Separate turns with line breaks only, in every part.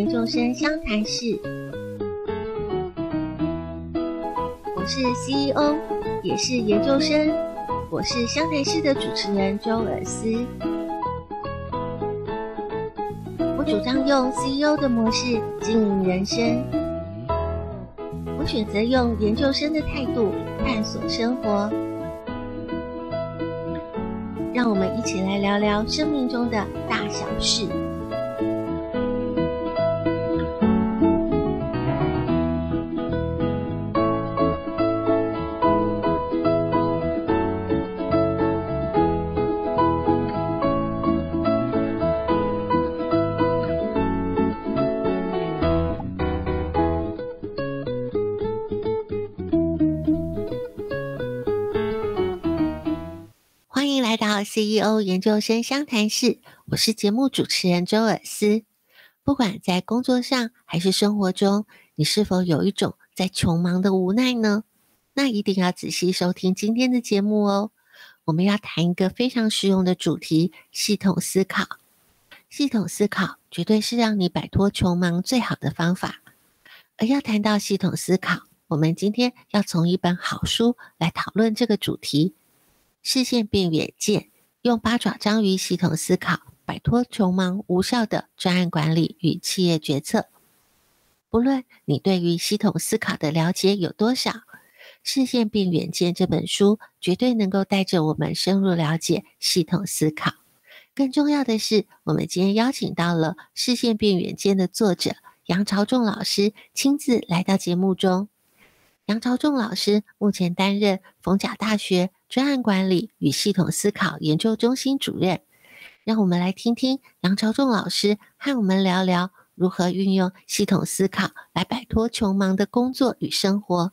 研究生相談室，我是 CEO，也是研究生，我是相談室的主持人周爾斯。我主張用 CEO 的模式經營人生，我選擇用研究生的態度探索生活。讓我們一起來聊聊生命中的大小事。
CEO 研究生相談室，我是節目主持人周爾斯。不管在工作上還是生活中，你是否有一種在窮忙的無奈呢？那一定要仔細收聽今天的節目哦。我們要談一個非常實用的主題——系統思考。系統思考絕對是讓你擺脫窮忙最好的方法。而要談到系統思考，我們今天要從一本好書來討論這個主題：視線變遠見。用八爪章魚系統思考，擺脫窮忙無效的專案管理與企業決策。不論你對於系統思考的了解有多少，《視線變遠見》這本書絕對能夠帶着我們深入了解系統思考。更重要的是，我們今天邀請到了《視線變遠見》的作者楊朝仲老師親自來到節目中。楊朝仲老師目前擔任逢甲大學。專案管理與系統思考研究中心主任，讓我們來聽聽楊朝仲老師和我們聊聊如何運用系統思考來擺脫窮忙的工作與生活。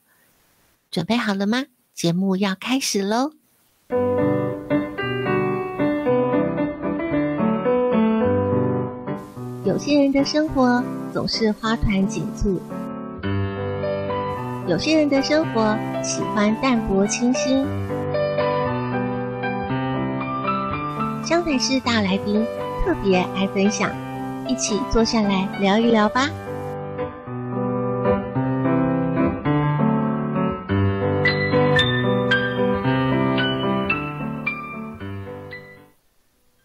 準備好了嗎？
節目要開始嘍！有些人的生活總是花團錦簇，有些人的生活喜歡淡泊清新。相談室大來賓特別愛分享，一起坐下來聊一聊吧。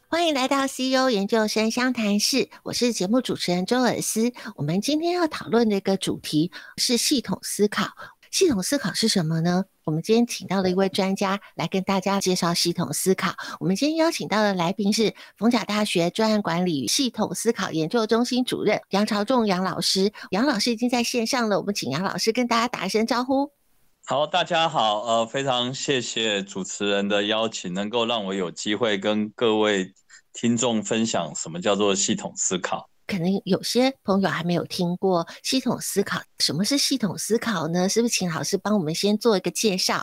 歡迎來到 CEO 研究生相談室，我是節目主持人周爾斯。我們今天要討論的一個主題是系統思考。系統思考是什麼呢？我們今天請到了一位專家來跟大家介紹系統思考。我們今天邀請到的來賓是逢甲大學專案管理與系統思考研究中心主任楊朝仲楊老師。楊老師已經在線上了，我們請楊老師跟大家打一聲招呼。
好，大家好，呃，非常謝謝主持人的邀請，能夠讓我有機會跟各位聽眾分享什麼叫做系統思考。
可能有些朋友還沒有聽過系統思考，什麼是系統思考呢？是不是請老師幫我們先做一個介紹？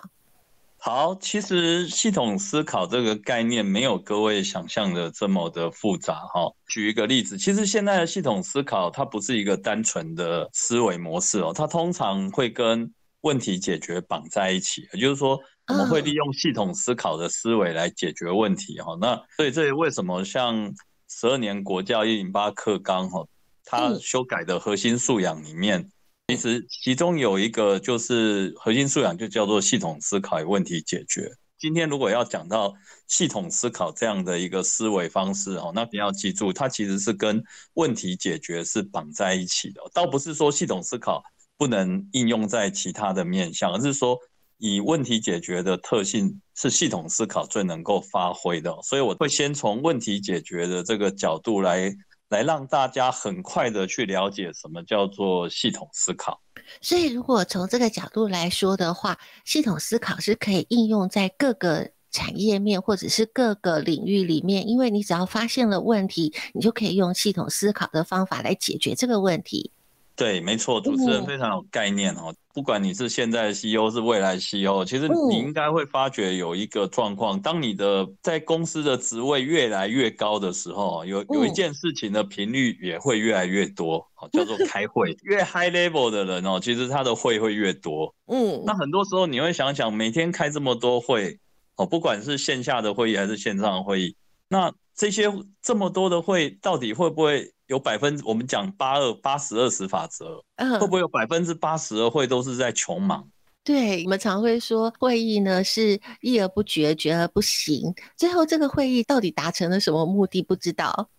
好，其實系統思考這個概念，沒有各位想象的這麼的複雜哈、哦。舉一個例子，其實現在的系統思考它不是一個單純的思維模式哦，它通常會跟問題解決綁在一起，也就是說我們會利用系統思考的思維來解決問題哈、oh. 哦。那所以這裡為什麼像？十二年國教一零八課綱哈，它修改的核心素養裡面，其實其中有一個就是核心素養就叫做系統思考與問題解決。今天如果要講到系統思考這樣的一個思維方式哦，那你要記住，它其實是跟問題解決是綁在一起的。倒不是說系統思考不能應用在其他的面向，而是說。以問題解決的特性，是系統思考最能夠發揮的，所以我會先從問題解決的這個角度來來讓大家很快的去了解什麼叫做系統思考。
所以，如果從這個角度來說的話，系統思考是可以應用在各個產業面或者是各個領域裡面，因為你只要發現了問題，你就可以用系統思考的方法來解決這個問題。
對，沒錯，主持人非常有概念、嗯、哦。不管你是現在的 CEO 是未來的 CEO，其實你應該會發覺有一個狀況：嗯、當你的在公司的職位越來越高的時候，有有一件事情的頻率也會越來越多，好、哦，叫做開會。嗯、越 high level 的人哦，其實他的會會越多。嗯，那很多時候你會想想，每天開這麼多會，哦，不管是線下的會議還是線上的會議，那這些這麼多的會，到底會不會？有百分之，我們講八二八十二十法則，嗯，會不會有百分之八十會都是在窮忙？
對，我們常會說會議呢是議而不決，決而不行，最後這個會議到底達成了什麼目的不知道。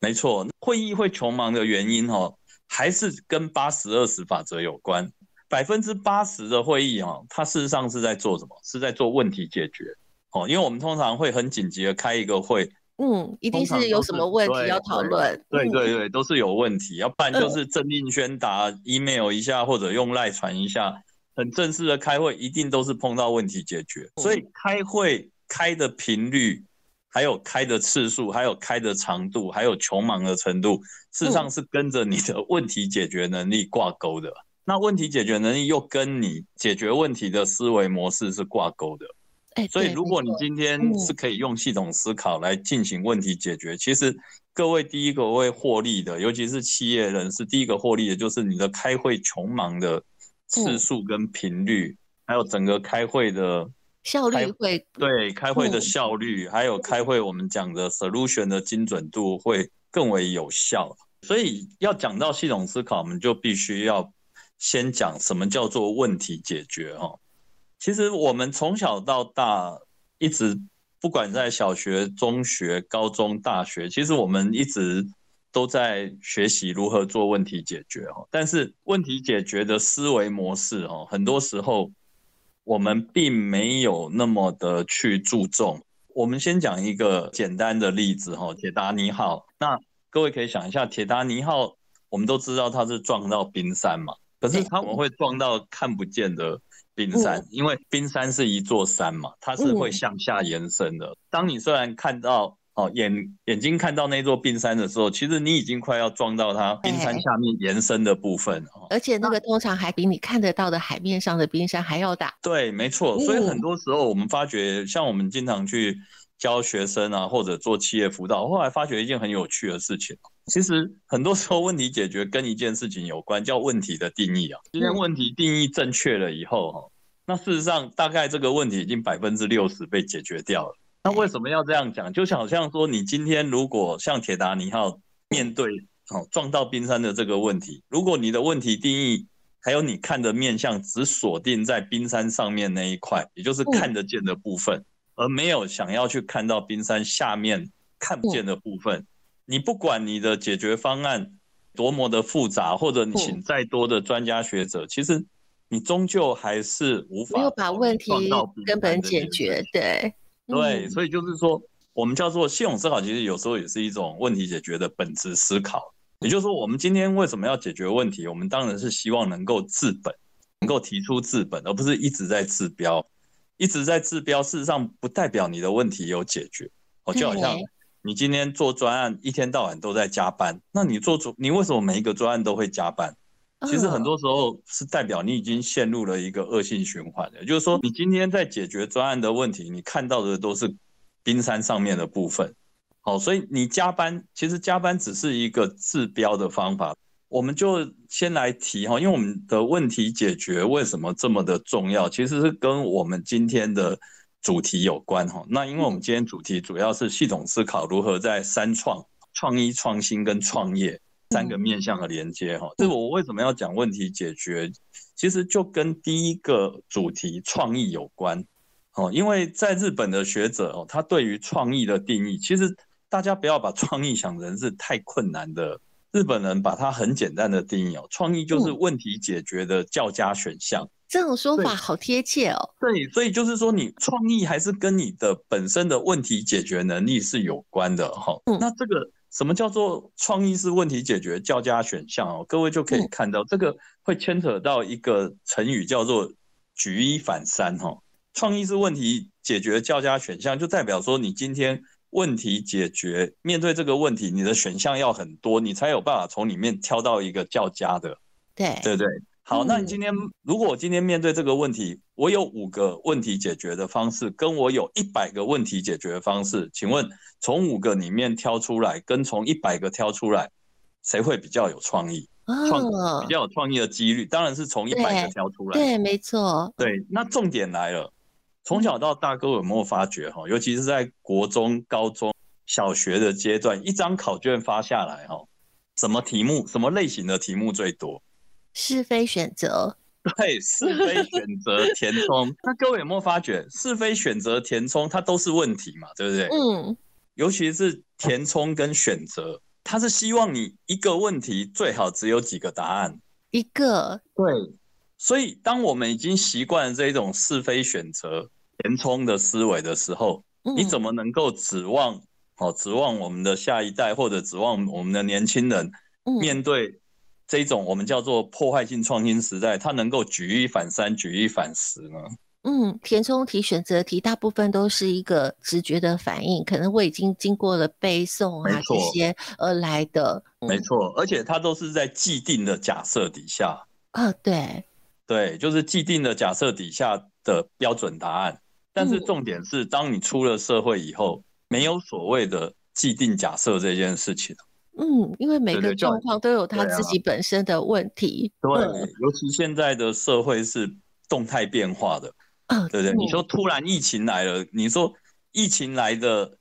沒錯，會議會窮忙的原因哦，還是跟八十二十法則有關。百分之八十的會議哈、哦，它事實上是在做什麼？是在做問題解決哦，因為我們通常會很緊急的開一個會。
嗯，一定是有什麼問題要討論。對
對對，都是有問題、嗯、要不然，就是政令宣達、嗯、email 一下或者用賴傳一下。很正式的開會，一定都是碰到問題解決。嗯、所以開會開的頻率，還有開的次數，還有開的長度，還有窮忙的程度，事實上是跟着你的問題解決能力掛鈎的。嗯、那問題解決能力又跟你解決問題的思維模式是掛鈎的。所以，如果你今天是可以用系統思考來進行問題解決，其實各位第一個會獲利的，尤其是企業人士第一個獲利的，就是你的開會窮忙的次數跟頻率，還有整個開會的
效率會。
對，開會的效率，還有開會我們講的 solution 的精準度會更為有效。所以要講到系統思考，我們就必須要先講什麼叫做問題解決，哦。其實我們從小到大，一直不管在小學、中學、高中、大學，其實我們一直都在學習如何做問題解決哦。但是問題解決的思維模式哦，很多時候我們並沒有那麼的去注重。我們先講一個簡單的例子哈，鐵達尼號。那各位可以想一下，鐵達尼號，我們都知道它是撞到冰山嘛，可是它怎會撞到看不見的？冰山，因為冰山是一座山嘛，嗯、它是會向下延伸的。嗯、當你雖然看到哦眼眼睛看到那座冰山的時候，其實你已經快要撞到它冰山下面延伸的部分對、哦、
而且那個通常還比你看得到的海面上的冰山還要大。嗯、
對，沒錯。所以很多時候我們發覺，像我們經常去教學生啊，或者做企業輔導，我後來發覺一件很有趣的事情。其實很多時候問題解決跟一件事情有關，叫問題的定義啊。今天問題定義正確了以後，哈，那事實上大概這個問題已經百分之六十被解決掉了。那為什麼要這樣講？就好像說，你今天如果像鐵達尼號面對哦撞到冰山的這個問題，如果你的問題定義還有你看的面向只鎖定在冰山上面那一塊，也就是看得見的部分，而沒有想要去看到冰山下面看不見的部分。嗯。嗯你不管你的解決方案多麼的複雜，或者你請再多的專家學者，哦、其實你終究還是無法沒有
把問題根本解決，解
決。對對，嗯、所以就是說，我們叫做系統思考，其實有時候也是一種問題解決的本質思考。也就是說，我們今天為什麼要解決問題？我們當然是希望能夠治本，能夠提出治本，而不是一直在治標，一直在治標。事實上，不代表你的問題有解決。哦，就好像。嘿嘿你今天做專案，一天到晚都在加班。那你做主，你為什麼每一個專案都會加班？其實很多時候是代表你已經陷入了一個惡性循環。也就是說，你今天在解決專案的問題，你看到的都是冰山上面的部分。好，所以你加班，其實加班只是一個治標的方法。我們就先來提哈，因為我們的問題解決為什麼這麼的重要，其實是跟我們今天的。主題有關哈，那因為我們今天主題主要是系統思考如何在三創、創意、創新跟創業三個面向的連接哈，這個我為什麼要講問題解決，其實就跟第一個主題創意有關哦，因為在日本的學者哦，他對於創意的定義，其實大家不要把創意想成是太困難的，日本人把它很簡單的定義哦，創意就是問題解決的較佳選項。嗯。
這種說法好貼切哦。對，
對，所以就是說，你創意還是跟你的本身的問題解決能力是有關的哈。嗯。那這個什麼叫做創意是問題解決較佳選項哦？各位就可以看到，這個會牽扯到一個成語叫做舉一反三哈。創意是問題解決較佳選項，就代表說，你今天問題解決面對這個問題，你的選項要很多，你才有辦法從裡面挑到一個較佳的。
對。對
對，對。好，那你今天如果我今天面對這個問題，我有五個問題解決的方式，跟我有一百個問題解決的方式，請問從五個裡面挑出來，跟從一百個挑出來，誰會比較有創意？
啊、哦，比
較有創意的幾率，當然是從一百個挑出來對。對，
沒錯。
對，那重點來了，從小到大，各位有沒有發覺哈？尤其是在國中、高中、小學的階段，一張考卷發下來哈，什麼題目，什麼類型的題目最多？
是非選擇，
對，是非選擇填充。 那各位有沒有發覺，是非選擇填充，它都是問題嘛，對不對？嗯。尤其是填充跟選擇，它是希望你一個問題最好只有幾個答案，
一個。對。
所以，當我們已經習慣了這一種是非選擇填充的思維的時候，嗯，你怎麼能夠指望哦？指望我們的下一代，或者指望我們的年輕人面對，這種我們叫做破壞性創新時代，它能夠舉一反三、舉一反十
呢？嗯，填充題、選擇題大部分都是一個直覺的反應，可能我已經經過了背誦啊，沒錯，這些而來的。嗯、
沒錯，而且它都是在既定的假設底下
啊，對、嗯、
對，就是既定的假設底下的標準答案。但是重點是，當你出了社會以後，嗯、沒有所謂的既定假設這件事情。
嗯，因為每個狀況都有他自己本身的問題。對對對對，啊對啊。對，
尤其現在的社會是動態變化的。嗯嗯、對對。你說突然疫情來了，你說疫情來的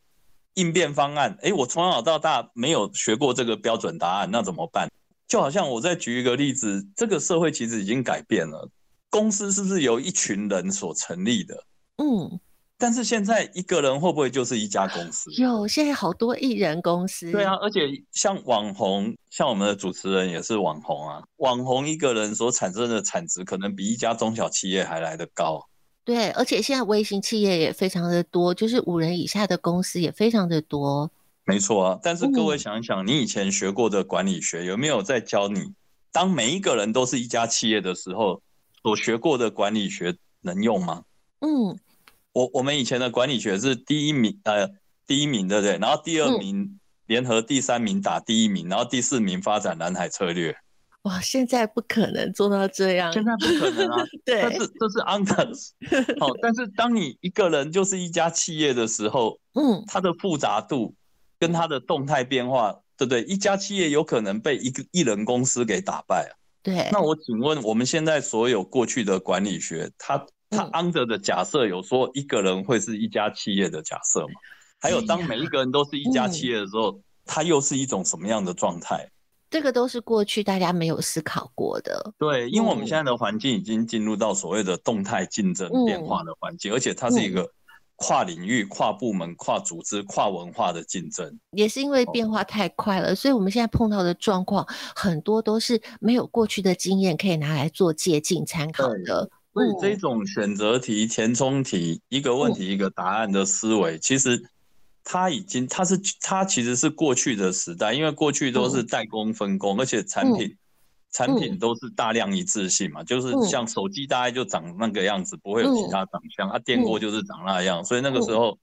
應變方案，哎，我從小到大沒有學過這個標準答案，那怎麼辦？就好像我再舉一個例子，這個社會其實已經改變了，公司是不是由一群人所成立的？嗯。但是現在一個人會不會就是一家公司？
有，現在好多一人公司。對啊，
而且像網紅，像我們的主持人也是網紅啊。網紅一個人所產生的產值，可能比一家中小企業還來得高。
對，而且現在微型企業也非常的多，就是五人以下的公司也非常的多。
沒錯啊，但是各位想想，嗯、你以前學過的管理學有沒有在教你，當每一個人都是一家企業的時候，所學過的管理學能用嗎？嗯。我我們以前的管理學是第一名，呃，第一名對不對？然後第二名聯合第三名打第一名，嗯、然後第四名發展藍海策略。
哇，現在不可能做到這樣，現在
不可能啊。 對，但是這 是 uncut 好，但是當你一個人就是一家企業的時候，嗯，它的複雜度跟它的動態變化，對不對？一家企業有可能被一個一人公司給打敗啊。對。那我請問，我們現在所有過去的管理學，它？他安德的假設有說一個人會是一家企業的假設嗎？嗯、還有，當每一個人都是一家企業的時候，它、嗯嗯、又是一種什麼樣的狀態？
這個都是過去大家沒有思考
過的。對，因為我們現在的環境已經進入到所謂的動態競爭、變化的環境，嗯、而且它是一個跨領域、跨部門、跨組織、跨文化的競爭。
也是因為變化太快了，嗯、所以我們現在碰到的狀況很多都是沒有過去的經驗可以拿來做借鑑參考的。
所以這種選擇題、填充題，一個問題一個答案的思維，其實它已經它是它其實是過去的時代，因為過去都是代工分工，而且產品產品都是大量一致性嘛，就是像手機大概就長那個樣子，不會有其他長相，它電鍋就是長那樣，所以那個時候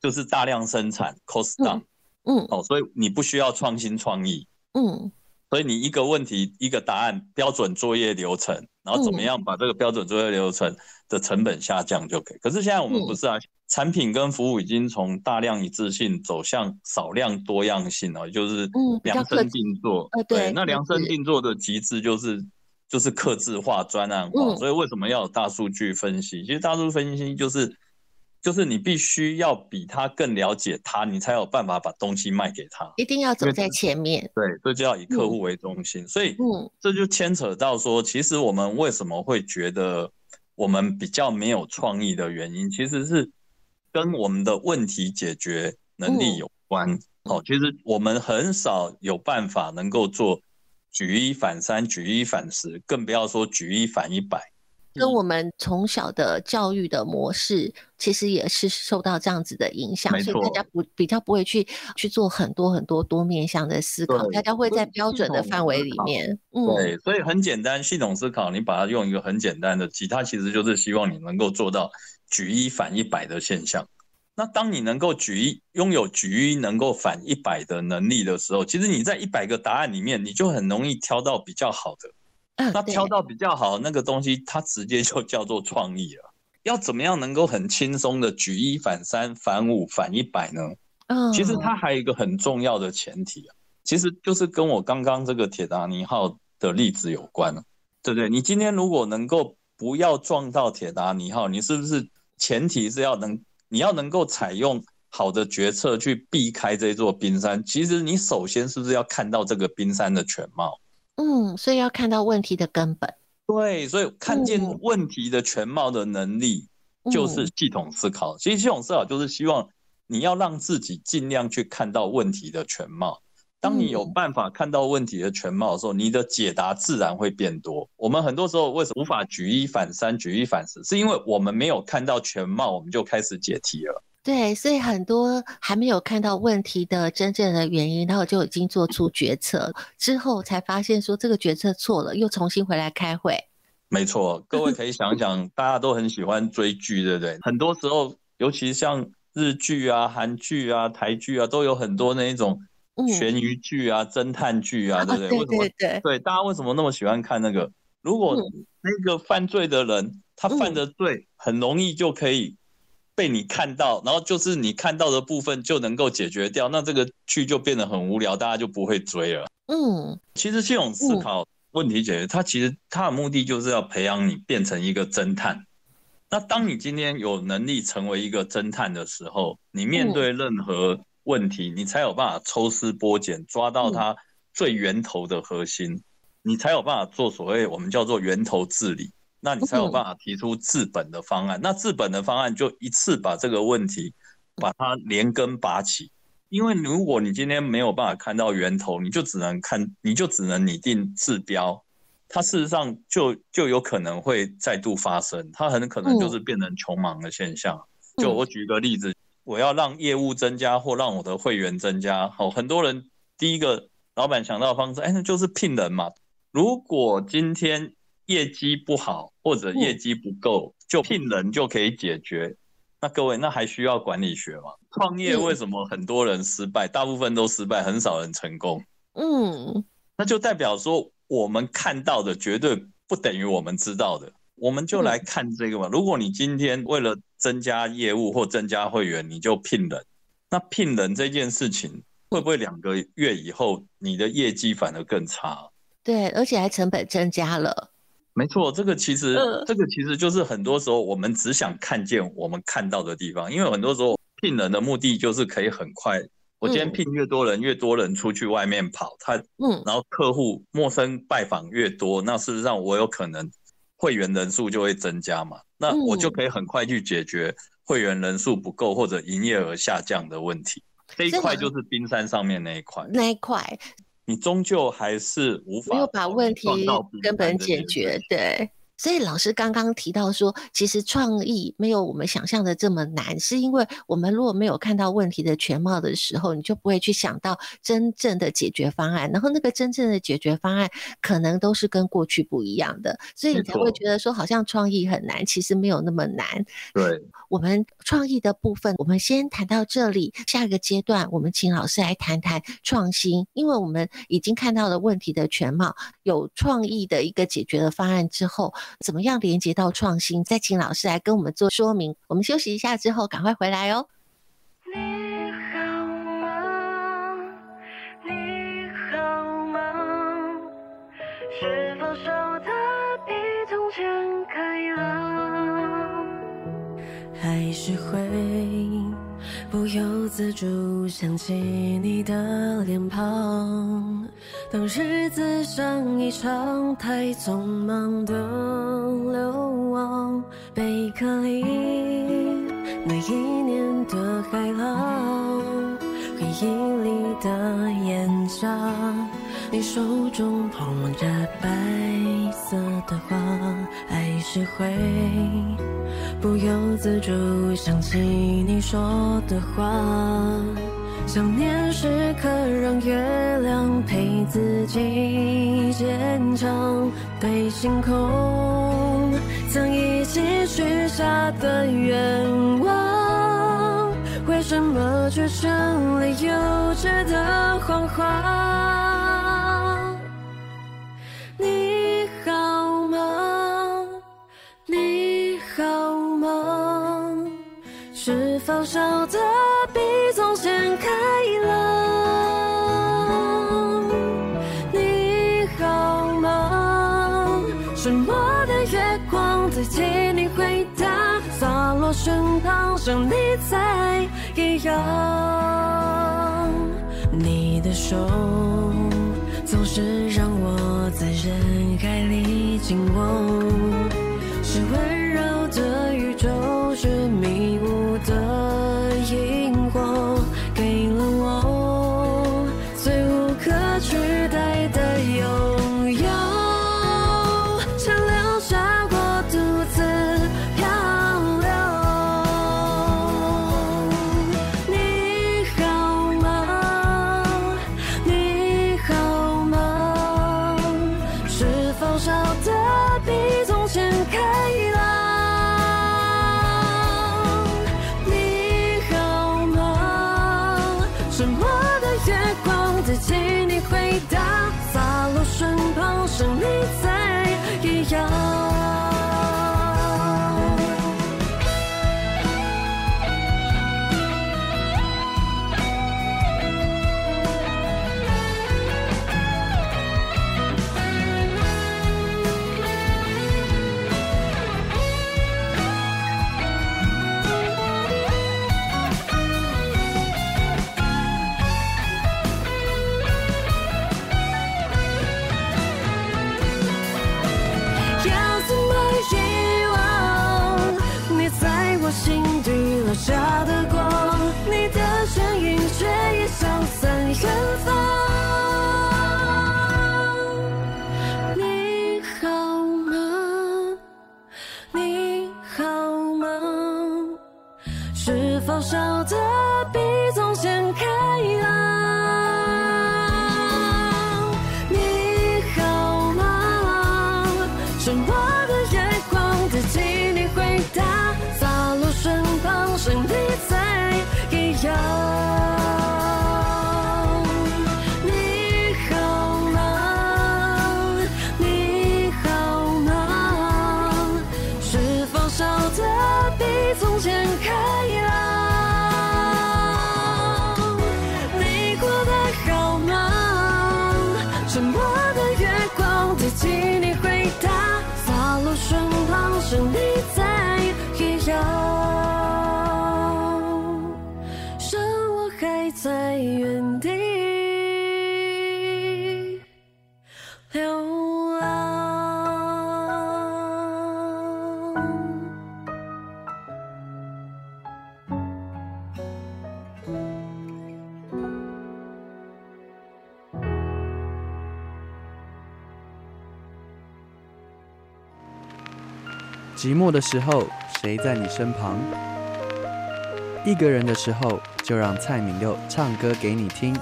就是大量生產，cost down，
嗯，
哦，所以你不需要創新創意，嗯。所以你一個問題一個答案，標準作業流程，然後怎麼樣把這個標準作業流程的成本下降就可以。嗯、可是現在我們不是啊，產品跟服務已經從大量一致性走向少量多樣性了，就是量身定做、嗯呃。對，對對，那量身定做的極致就是就是客製化，專案化。嗯、所以為什麼要有大數據分析？其實大數據分析就是。就是你必須要比他更了解他，你才有辦法把東西賣給他。一
定要走在前面。
對，這就要以客戶為中心。嗯、所以，嗯、這就牽扯到說，其實我們為什麼會覺得我們比較沒有創意的原因，其實是跟我們的問題解決能力有關。嗯、哦，其實我們很少有辦法能夠做舉一反三、舉一反十，更不要說舉一反一百。
跟我們從小的教育的模式，其實也是受到這樣子的影響，錯所以大家不比較不會去去做很多很多多面向的思考，對大家會在標準的範圍裡面，對嗯，對，
所以很簡單，系統思考，你把它用一個很簡單的，其他其實就是希望你能夠做到舉一反一百的現象。那當你能夠舉一擁有舉一能夠反一百的能力的時候，其實你在一百個答案裡面，你就很容易挑到比較好的。那挑到比較好那個東西，它直接就叫做創意了。要怎麼樣能夠很輕鬆的舉一反三、反五、反一百呢？嗯，
其實它
還有一個很重要的前提啊，其實就是跟我剛剛這個鐵達尼號的例子有關，對不對？你今天如果能夠不要撞到鐵達尼號，你是不是前提是要能，你要能夠採用好的決策去避開這座冰山？其實你首先是不是要看到這個冰山的全貌？
嗯，所以要看到問題的根本。
對，所以看見問題的全貌的能力，嗯、就是系統思考。嗯、其實系統思考就是希望你要讓自己盡量去看到問題的全貌。當你有辦法看到問題的全貌的時候，嗯、你的解答自然會變多。我們很多時候為什麼無法舉一反三、舉一反十，是因為我們沒有看到全貌，我們就開始解題了。
對，所以很多還沒有看到問題的真正的原因，然後就已經做出決策，之後才發現說這個決策錯了，又重新回來開會。
沒錯，各位可以想想， 大家都很喜歡追劇，對不對？很多時候，尤其像日劇啊、韓劇啊、台劇啊，都有很多那一種懸疑劇啊、嗯、偵探劇啊，對不對？啊、對對對，為什麼，對，大家為什麼那麼喜歡看那個？如果那個犯罪的人、嗯、他犯的罪、嗯、很容易就可以，被你看到，然後就是你看到的部分就能夠解決掉，那這個劇就變得很無聊，大家就不會追
了。
嗯，其實系統思考問題解決，它、嗯、其實它的目的就是要培養你變成一個偵探。那當你今天有能力成為一個偵探的時候，你面對任何問題，嗯、你才有辦法抽絲剝繭，抓到它最源頭的核心，嗯、你才有辦法做所謂我們叫做源頭治理。那你才有辦法提出治本的方案。那治本的方案就一次把這個問題，把它連根拔起。因為如果你今天沒有辦法看到源頭，你就只能看，你就只能擬定治標。它事實上就就有可能會再度發生，它很可能就是變成窮忙的現象。就我舉一個例子，我要讓業務增加或讓我的會員增加，好，很多人第一個老闆想到的方式，哎，那就是聘人嘛。如果今天業績不好或者業績不夠，嗯、就聘人就可以解決。那各位，那還需要管理學嗎？創業為什麼很多人失敗，嗯、大部分都失敗，很少人成功？嗯，那就代表說我們看到的絕對不等於我們知道的。我們就來看這個嘛。嗯、如果你今天為了增加業務或增加會員，你就聘人，那聘人這件事情會不會兩個月以後你的業績反而更差？啊。
對，而且還成本增加了。
沒錯，這個其實，呃、這個其實就是很多時候我們只想看見我們看到的地方，因為很多時候聘人的目的就是可以很快。我今天聘越多人，嗯、越多人出去外面跑，他嗯，然後客戶陌生拜訪越多，那事實上我有可能會員人數就會增加嘛，那我就可以很快去解決會員人數不夠或者營業額下降的問題。這一塊就是冰山上面那一塊，
那一塊。
你終究還是無法，沒有
把問題根本解決，對。所以老師剛剛提到說，其實創意沒有我們想象的這麼難，是因為我們如果沒有看到問題的全貌的時候，你就不會去想到真正的解決方案。然後那個真正的解決方案可能都是跟過去不一樣的，所以你才會覺得說好像創意很難，其實沒有那麼難。對，我們創意的部分，我們先談到這裡，下一個階段我們請老師來談談創新，因為我們已經看到了問題的全貌，有創意的一個解決的方案之後。怎麼樣連接到創新？再請老師來跟我們做說明。我們休息一下之後，趕快回來哦。你好嗎？
你好嗎？是否笑得比從前開朗？還是會。不由自主想起你的臉龐，當日子像一場太匆忙的流亡，貝殼裡那一年的海浪，回憶裡的岩漿，你手中捧着白色。的話，還是會不由自主想起你說的話。想念時刻，讓月亮陪自己堅強。對星空曾一起許下的願望，為什麼卻成了幼稚的謊話？身旁像你在一樣，你的手總是讓我在人海裡緊握，是溫柔的宇宙，是謎。
寂寞的時候，誰在你身旁？一個人的時候，就讓蔡敏佑唱歌給你聽。
你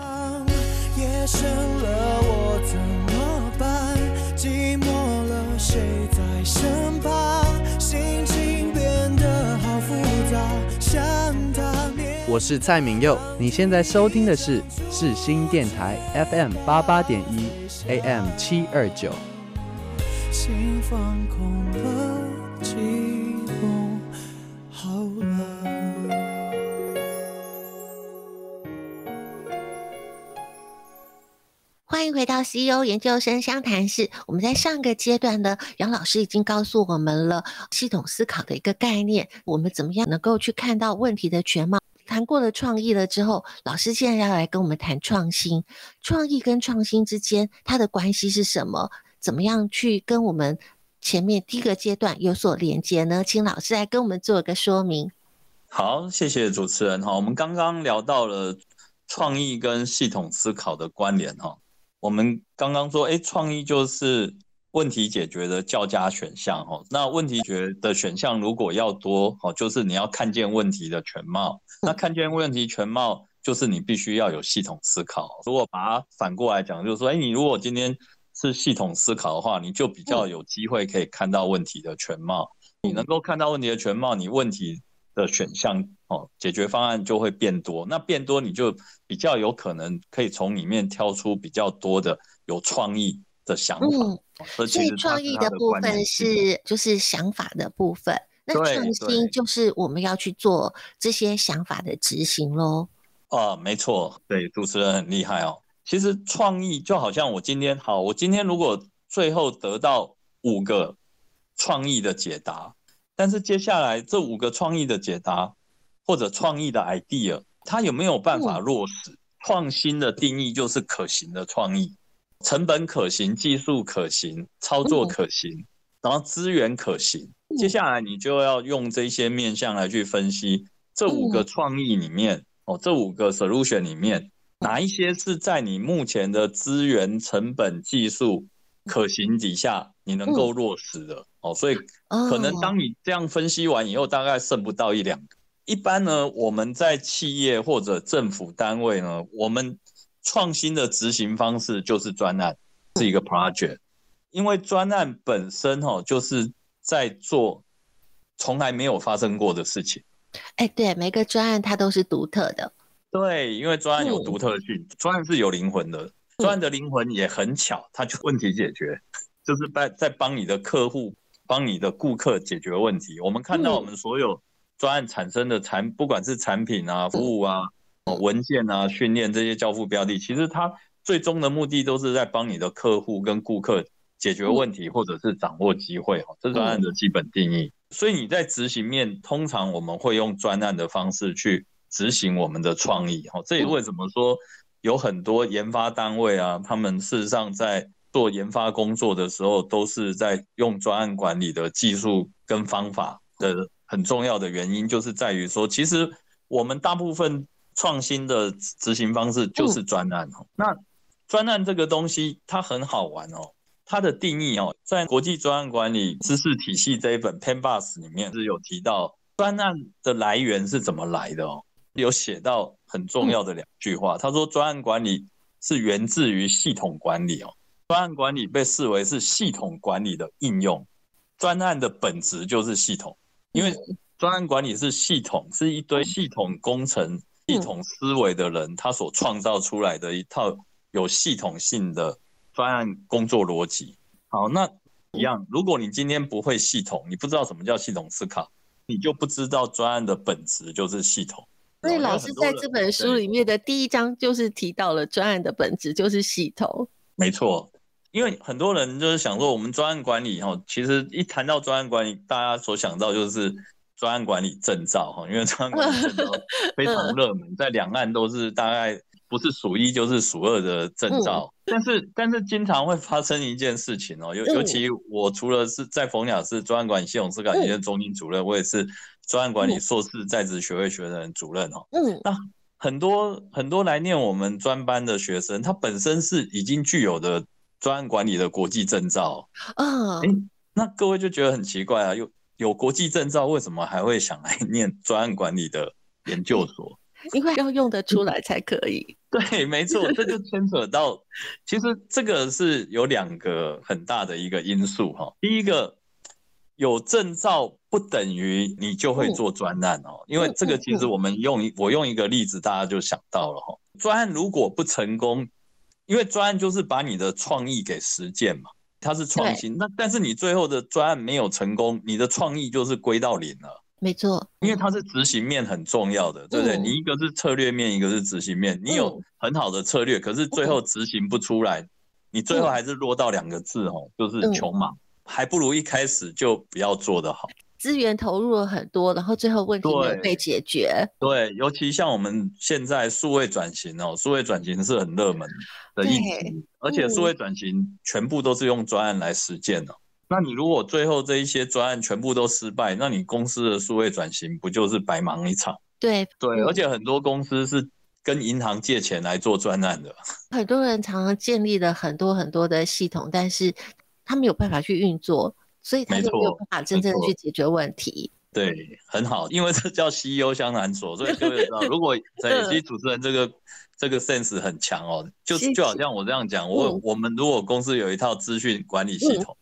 我是蔡敏佑，你現在收聽的是世新電台 FM 八八點一 AM 七二九，
心放
回到 CEO 研究生相談室，我們在上個階段呢，楊老師已經告訴我們了系統思考的一個概念，我們怎麼樣能夠去看到問題的全貌？談過了創意了之後，老師現在要來跟我們談創新，創意跟創新之間它的關係是什麼？怎麼樣去跟我們前面第一個階段有所連接呢？請老師來跟我們做一個說明。
好，謝謝主持人哈，我們剛剛聊到了創意跟系統思考的關聯哈。我們剛剛說，哎，創意就是問題解決的較佳選項，那問題解決的選項如果要多，就是你要看見問題的全貌。那看見問題全貌，就是你必須要有系統思考。如果把它反過來講，就是說誒，你如果今天是系統思考的話，你就比較有機會可以看到問題的全貌。你能夠看到問題的全貌，你問題的選項哦，解決方案就會變多，那變多你就比較有可能可以從裡面挑出比較多的有創意的想法。嗯，所以創意的部分是
就是想法的部分，那創新就是我們要去做這些想法的執行嘍。啊、
呃，沒錯，對，主持人很厲害哦。其實創意就好像我今天，好，我今天如果最後得到五個創意的解答。但是接下來這五個創意的解答，或者創意的 idea，它有沒有辦法落實？創新的定義就是可行的創意，成本可行、技術可行、操作可行，然後資源可行。接下來你就要用這些面向來去分析這五個創意裡面，哦，這五個 solution 裡面，哪一些是在你目前的資源、成本、技術可行底下你能夠落實的？哦，所以可能當你這樣分析完以後，大概剩不到一兩個。一般呢，我們在企業或者政府單位呢，我們創新的執行方式就是專案，是一個 project。因為專案本身哦，就是在做從來沒有發生過的事情。
哎，對，每個專案它都是獨特的。
對，因為專案有獨特性，專案是有靈魂的。專案的靈魂也很巧，它就問題解決，就是在在幫你的客戶。幫你的顧客解決問題。我們看到我們所有專案產生的產，不管是產品啊、服務啊、文件啊、訓練這些交付標的，其實它最終的目的都是在幫你的客戶跟顧客解決問題，或者是掌握機會。哈，這是專案的基本定義。所以你在執行面，通常我們會用專案的方式去執行我們的創意。哈，這也為什麼說有很多研發單位啊，他們事實上在。做研發工作的時候，都是在用專案管理的技術跟方法的很重要的原因，就是在於說，其實我們大部分創新的執行方式就是專案哦。那專案這個東西它很好玩哦，它的定義哦，在國際專案管理知識體系這一本 PMBOK 裡面是有提到專案的來源是怎麼來的哦，有寫到很重要的兩句話，他說專案管理是源自於系統管理哦。專案管理被視為是系統管理的應用，專案的本質就是系統，因為專案管理是系統，是一堆系統工程、嗯、系統思維的人他所創造出來的一套有系統性的專案工作邏輯。好，那一樣，如果你今天不會系統，你不知道什麼叫系統思考，你就不知道專案的本質就是系統。
所以老師在這本書裡面的第一章就是提到了專案的本質就是系統，
沒錯。因為很多人就是想說，我們專案管理哈、哦，其實一談到專案管理，大家所想到就是專案管理證照哈，因為專案管理證照非常熱門， 在兩岸都是大概不是數一就是數二的證照。嗯、但是但是經常會發生一件事情哦，尤、嗯、尤其我除了是在逢甲是專案管理系統思考研究中心主任，嗯、我也是專案管理碩士在職學位學程主任哦。嗯，那很多很多來念我們專班的學生，他本身是已經具有的，專案管理的國際證照，啊、
uh, 欸，
那各位就覺得很奇怪啊，有有國際證照，為什麼還會想來念專案管理的研究所？
因為要用得出來才可以。
對， 對，沒錯，這就牽扯到， 其實這個是有兩個很大的一個因素哈。第一個，有證照不等於你就會做專案哦，嗯、因為這個其實我們用、嗯、我用一個例子，大家就想到了哈，專案如果不成功。因為專案就是把你的創意給實踐嘛，它是創新。那但是你最後的專案沒有成功，你的創意就是歸到零了。
沒錯，
因為它是執行面很重要的，嗯、對不對？你一個是策略面，一個是執行面。嗯、你有很好的策略，可是最後執行不出來，嗯、你最後還是落到兩個字、嗯、哦，就是窮忙，嗯、還不如一開始就不要做得好。
資源投入了很多，然後最後問題沒有被解決，
對。對，尤其像我們現在數位轉型哦，數位轉型是很熱門的議題，
對而且數位
轉型全部都是用專案來實踐的、哦。嗯、那你如果最後這一些專案全部都失敗，那你公司的數位轉型不就是白忙一場？對對，而且很多公司是跟銀行借錢來做專案的，嗯、
很多人常常建立了很多很多的系統，但是他沒有辦法去運作。所以他就沒有辦法真正去解決問題。
對，嗯、很好，因為這叫 CEO 相談所。 所以各位知道，如果在演播主持人這個 這個 sense 很強哦，就就好像我這樣講，我、嗯、我們如果公司有一套資訊管理系統，嗯、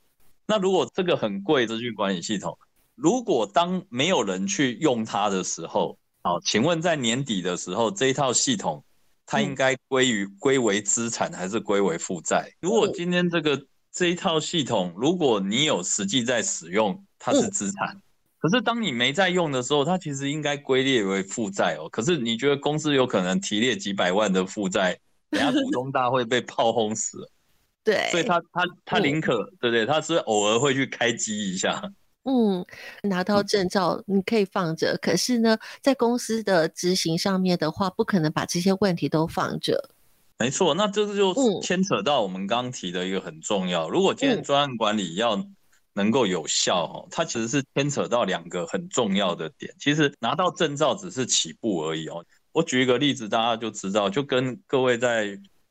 那如果這個很貴資訊管理系統，嗯、如果當沒有人去用它的時候，好，請問在年底的時候，這一套系統它應該歸於歸為資產還是歸為負債？嗯、如果今天這個。這一套系統，如果你有實際在使用，它是資產；嗯、可是當你沒在用的時候，它其實應該歸列為負債哦。可是你覺得公司有可能提列幾百萬的負債，等下股東大會被炮轟死？ 對，所以他他他寧可，嗯、對對對？他是偶爾會去開機一下。嗯，
拿到證照你可以放着，嗯、可是呢，在公司的執行上面的話，不可能把這些問題都放着。
沒錯，那這就牽扯到我們剛提的一個很重要。嗯、如果今天專案管理要能夠有效哦，嗯、它其實是牽扯到兩個很重要的點。其實拿到證照只是起步而已哦。我舉一個例子，大家就知道，就跟各位在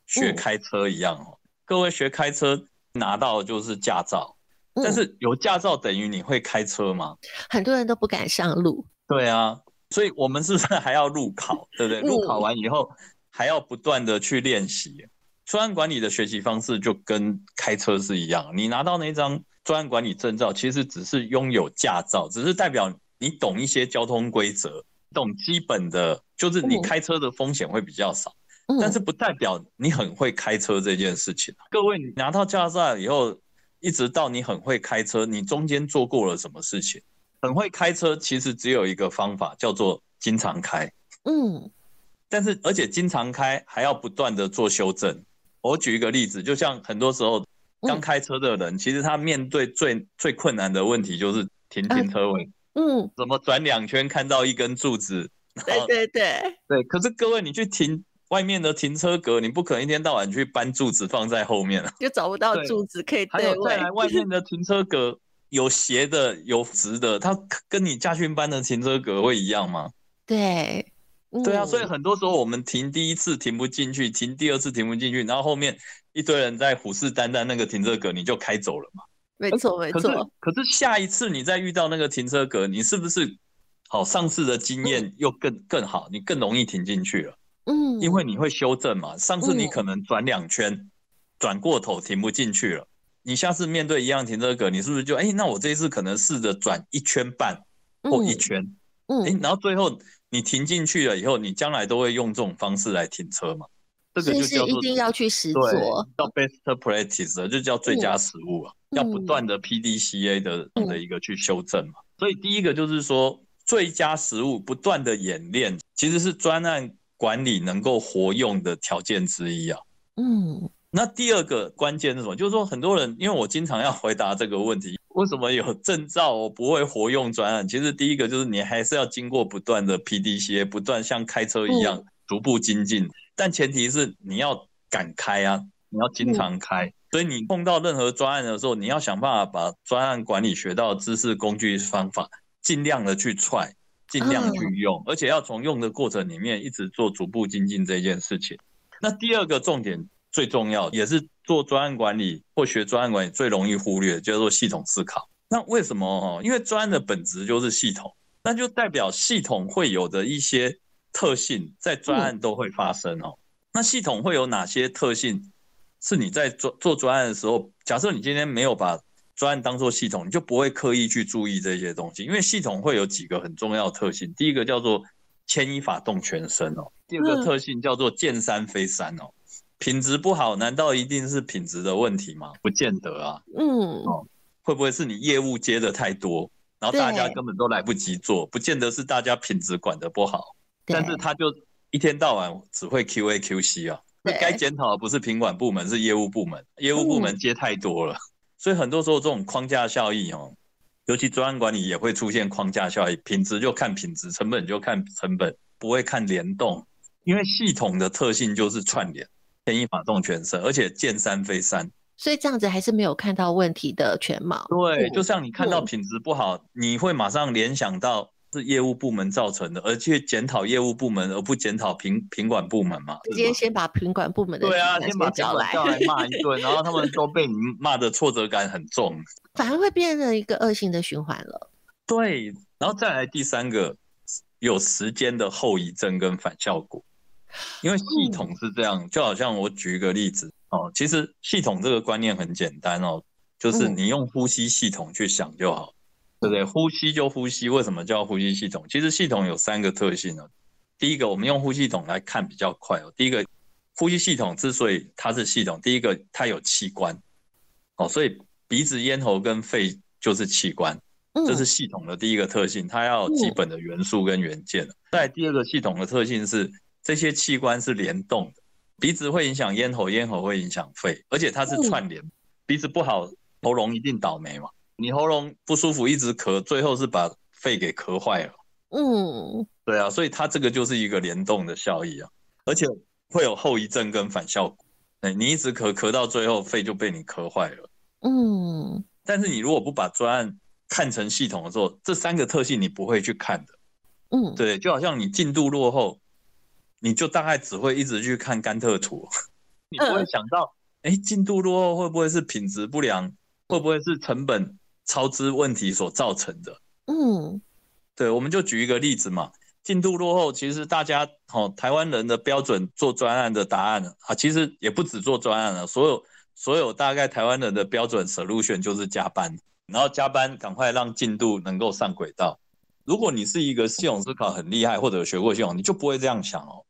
學開車一樣，嗯、各位學開車拿到就是駕照，嗯、但是有駕照等於你會開車嗎？
很多人都不敢上路。
對啊，所以我們是不是還要路考？對不對？嗯、路考完以後。還要不斷的去練習，專案管理的學習方式就跟開車是一樣。你拿到那張專案管理證照，其實只是擁有駕照，只是代表你懂一些交通規則，懂基本的，就是你開車的風險會比較少。但是不代表你很會開車這件事情啊。各位，你拿到駕照以後，一直到你很會開車，你中間做過了什麼事情？很會開車其實只有一個方法，叫做經常開。嗯。但是，而且經常開還要不斷的做修正。我舉一個例子，就像很多時候剛開車的人，嗯、其實他面對最最困難的問題就是停停車位，呃。嗯，怎麼轉兩圈看到一根柱子？對對對，對。可是各位，你去停外面的停車格，你不可能一天到晚去搬柱子放在後面了，
就找不到柱子可以對位。對，還有外
面的停車格有斜的，有直的，它跟你駕訓班的停車格會一樣嗎？
對。對啊，所以
很多時候我們停第一次停不進去，停第二次停不進去，然後後面一堆人在虎視眈眈那個停車格，你就開走了嘛。
沒錯，沒錯。可
是可是下一次你再遇到那個停車格，你是不是好上次的經驗又更更好，你更容易停進去了？嗯，因為你會修正嘛。上次你可能轉兩圈，嗯、轉過頭停不進去了，你下次面對一樣停車格，你是不是就哎那我這次可能試着轉一圈半或一圈？嗯，嗯，然後最後。你停進去了以後，你將來都會用這種方式來停車嘛？這個就
叫做是是一定
要去實做，叫 best practice，就叫最佳實務。啊，嗯、要不斷的 PDCA 的、嗯、的一個去修正嘛。所以第一個就是說，最佳實務不斷的演練，其實是專案管理能夠活用的條件之一啊。嗯。那第二個關鍵是什麼？就是說，很多人因為我經常要回答這個問題，為什麼有證照不會活用專案？其實第一個就是你還是要經過不斷的 PDCA，不斷像開車一樣逐步精進。但前提是你要敢開啊，你要經常開。所以你碰到任何專案的時候，你要想辦法把專案管理學到的知識、工具、方法，盡量的去踹，盡量去用，而且要從用的過程裡面一直做逐步精進這件事情。那第二個重點。最重要也是做專案管理或學專案管理最容易忽略，叫、就、做、是、系統思考。那為什麼？哦，因為專案的本質就是系統，那就代表系統會有的一些特性，在專案都會發生哦。嗯、那系統會有哪些特性？是你在做做專案的時候，假設你今天沒有把專案當作系統，你就不會刻意去注意這些東西。因為系統會有幾個很重要的特性，第一個叫做牽一髮動全身哦，第二個特性叫做見山非山哦。嗯嗯品質不好，難道一定是品質的問題嗎？不見得啊。嗯。哦，會不會是你業務接的太多，然後大家根本都來不及做，對不見得是大家品質管的不好，對但是他就一天到晚只會 QA QC 啊。對。該檢討的不是品管部門，是業務部門。業務部門接太多了，嗯、所以很多時候這種框架效益哦，尤其專案管理也會出現框架效益，品質就看品質，成本就看成本，不會看聯動，因為系統的特性就是串聯。牽一髮動全身，而且見山非山，
所以這樣子還是沒有看到問題的全貌。對，嗯、就
像你看到品質不好，嗯、你會馬上聯想到是業務部門造成的，而去檢討業務部門而不檢討品品管部門嘛？今
天先把品管部門的對啊，先把叫來罵一
頓， 然後他們都被你罵的挫折感很重，
反而會變成一個惡性的循環了。
對，然後再來第三個有時間的後遺症跟反效果。因為系統是這樣，嗯、就好像我舉一個例子哦，其實系統這個觀念很簡單哦，就是你用呼吸系統去想就好，嗯、對不對？呼吸就呼吸，為什麼叫呼吸系統？其實系統有三個特性哦。第一個，我們用呼吸系統來看比較快哦。第一個，呼吸系統之所以它是系統，第一個它有器官哦，所以鼻子、咽喉跟肺，就是器官，嗯、這是系統的第一個特性，它要有基本的元素跟元件。嗯、再第二個系統的特性是。這些器官是聯動的，鼻子會影響咽喉，咽喉會影響肺，而且它是串聯。嗯、鼻子不好，喉嚨一定倒霉嘛。你喉嚨不舒服，一直咳，最後是把肺給咳壞了。嗯，對啊，所以它這個就是一個聯動的效益啊，而且會有後遺症跟反效果。哎，你一直咳，咳到最後，肺就被你咳壞了。嗯，但是你如果不把專案看成系統的時候，這三個特性你不會去看的。嗯，對，就好像你進度落後。你就大概只會一直去看甘特圖， 你不會想到、呃，哎，進度落後會不會是品質不良，會不會是成本超支問題所造成的？嗯，對，我們就舉一個例子嘛，進度落後，其實大家好、喔，台灣人的標準做專案的答案啊，其實也不止做專案了、啊，所有所有大概台灣人的標準 solution 就是加班，然後加班趕快讓進度能夠上軌道。如果你是一個系統思考很厲害或者有學過系統，你就不會這樣想哦。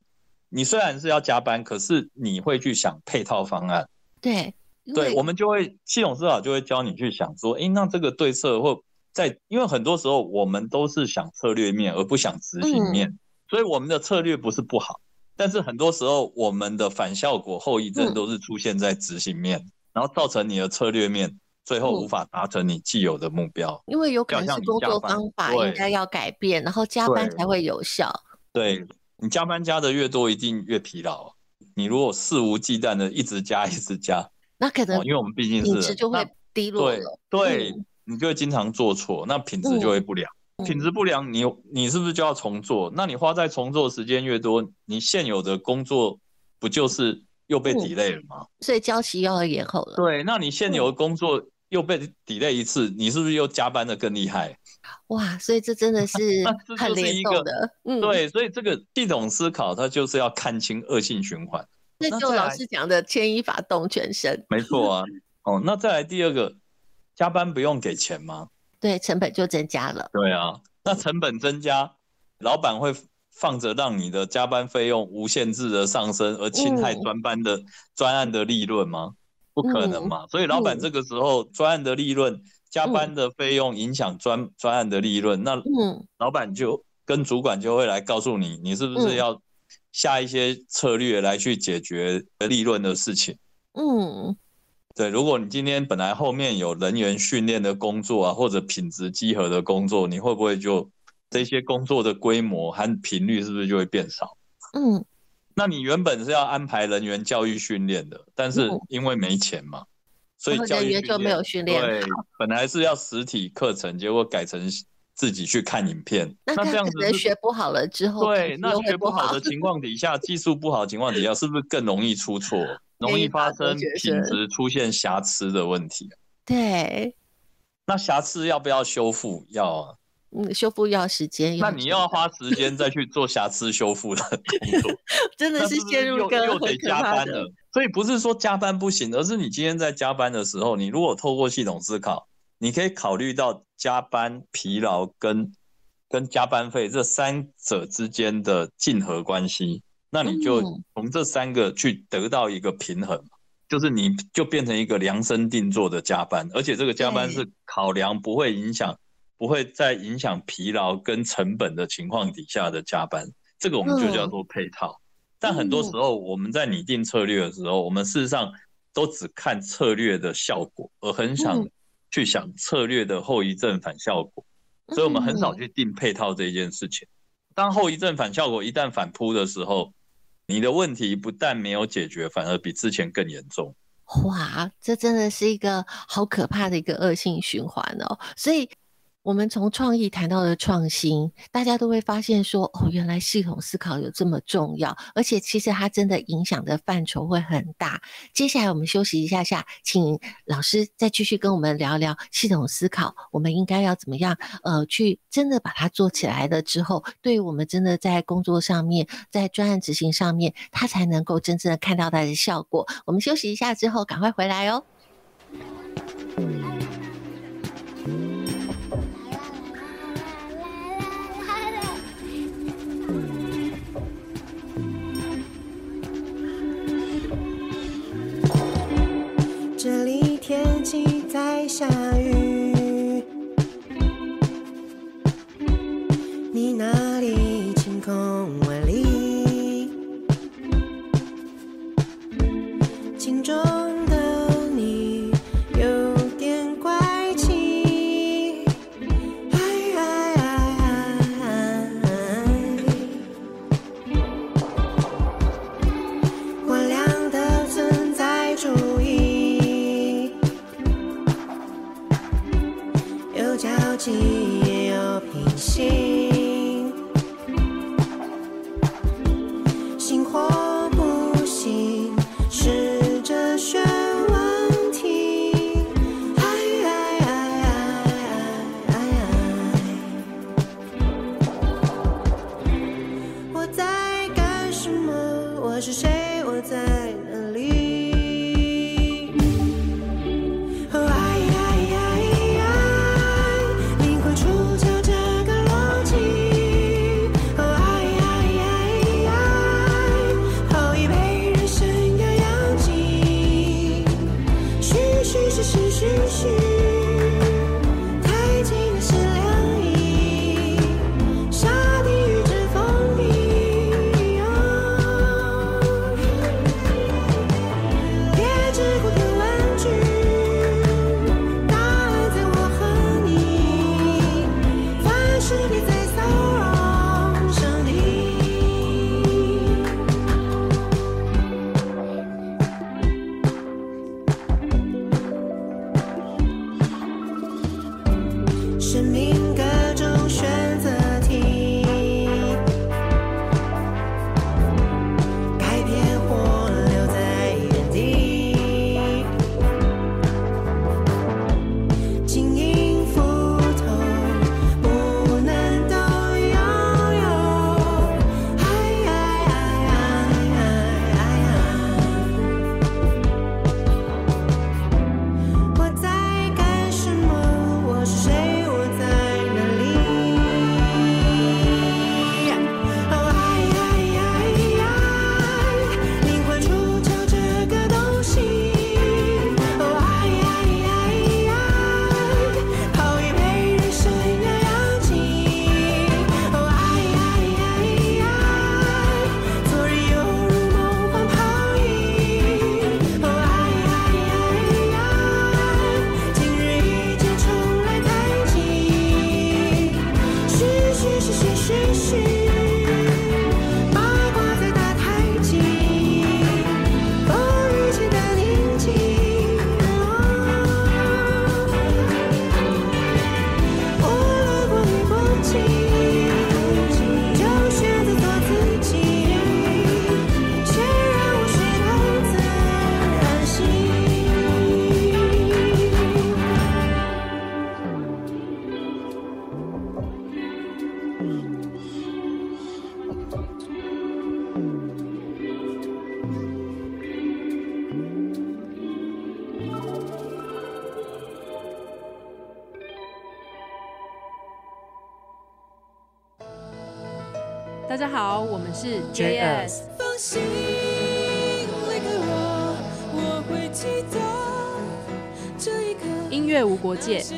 你雖然是要加班，可是你會去想配套方案，
對對，
對為我們就會系統思考就會教你去想說，哎，那這個對策會在，因為很多時候我們都是想策略面而不想執行面，嗯、所以我們的策略不是不好，但是很多時候我們的反效果後遺症都是出現在執行面，嗯、然後造成你的策略面最後無法達成你既有的目標，嗯、因為有可能是工作方法應該
要改變，對然後加班才會有效，對。
對你加班加的越多，一定越疲勞。你如果肆無忌憚的一直加，一直加，
那可能因為我
們畢竟是品質就
會低落。對、嗯、對，
你就會經常做錯，那品質就會不良。嗯、品質不良，你你是不是就要重做？嗯、那你花在重做的時間越多，你現有的工作不就是又被 delay 了
嗎、嗯？所以交期又要延後了。對，
那你現有的工作又被 delay 一次，嗯、你是不是又加班得更厲害？
哇，所以這真的是很聯動的， 嗯，對，
所以這個系統思考，它就是要看清惡性循環。
那就是老師講的牽一髮動全身，
沒錯啊。 哦，那再來第二個，加班不用給錢嗎？
對，成本就增加了。
對啊，那成本增加，嗯、老闆會放着讓你的加班費用無限制的上升，而侵害專班的專、嗯、案的利潤嗎？不可能嘛。嗯、所以老闆這個時候專、嗯、案的利潤。加班的費用影響專專案的利潤，嗯，那老闆就跟主管就會來告訴你，你是不是要下一些策略來去解決利潤的事情？嗯，對，如果你今天本來後面有人員訓練的工作啊，或者品質稽核的工作，你會不會就這些工作的規模和頻率是不是就會變少？嗯，那你原本是要安排人員教育訓練的，但是因為沒錢嘛。嗯。所以教育沒有訓練，對，本來是要實體課程，結果改成自己去看影片。那這樣
子學不好了之後，
對，那學不好的情況底下，技術不好的情況底下，是不是更容易出錯，容易發生品質出現瑕疵的問題？
對，
那瑕疵要不要修復？要啊，
嗯，修復要時間，那你
要花時間再去做瑕疵修復的
工作，真的是陷入一個很可怕的
所以不是說加班不行，而是你今天在加班的時候，你如果透過系統思考，你可以考慮到加班疲勞跟跟加班費這三者之間的競合關係，那你就從這三個去得到一個平衡，就是你就變成一個量身定做的加班，而且這個加班是考量不會影響，不會再影響疲勞跟成本的情況底下的加班，這個我們就叫做配套。但很多時候，我們在擬定策略的時候，我們事實上都只看策略的效果，而很想去想策略的後遺症、反效果，所以我們很少去定配套這一件事情。當後遺症、反效果一旦反撲的時候，你的問題不但沒有解決，反而比之前更嚴重。
哇，這真的是一個好可怕的一個惡性循環哦！所以。我們從創意談到了創新，大家都會發現說，哦，原來系統思考有這麼重要，而且其實它真的影響的範疇會很大。接下來我們休息一下下，請老師再繼續跟我們聊聊系統思考，我們應該要怎麼樣，呃，去真的把它做起來了之後，對於我們真的在工作上面，在專案執行上面，它才能夠真正的看到它的效果。我們休息一下之後，趕快回來哦。嗯
在下雨，你呢？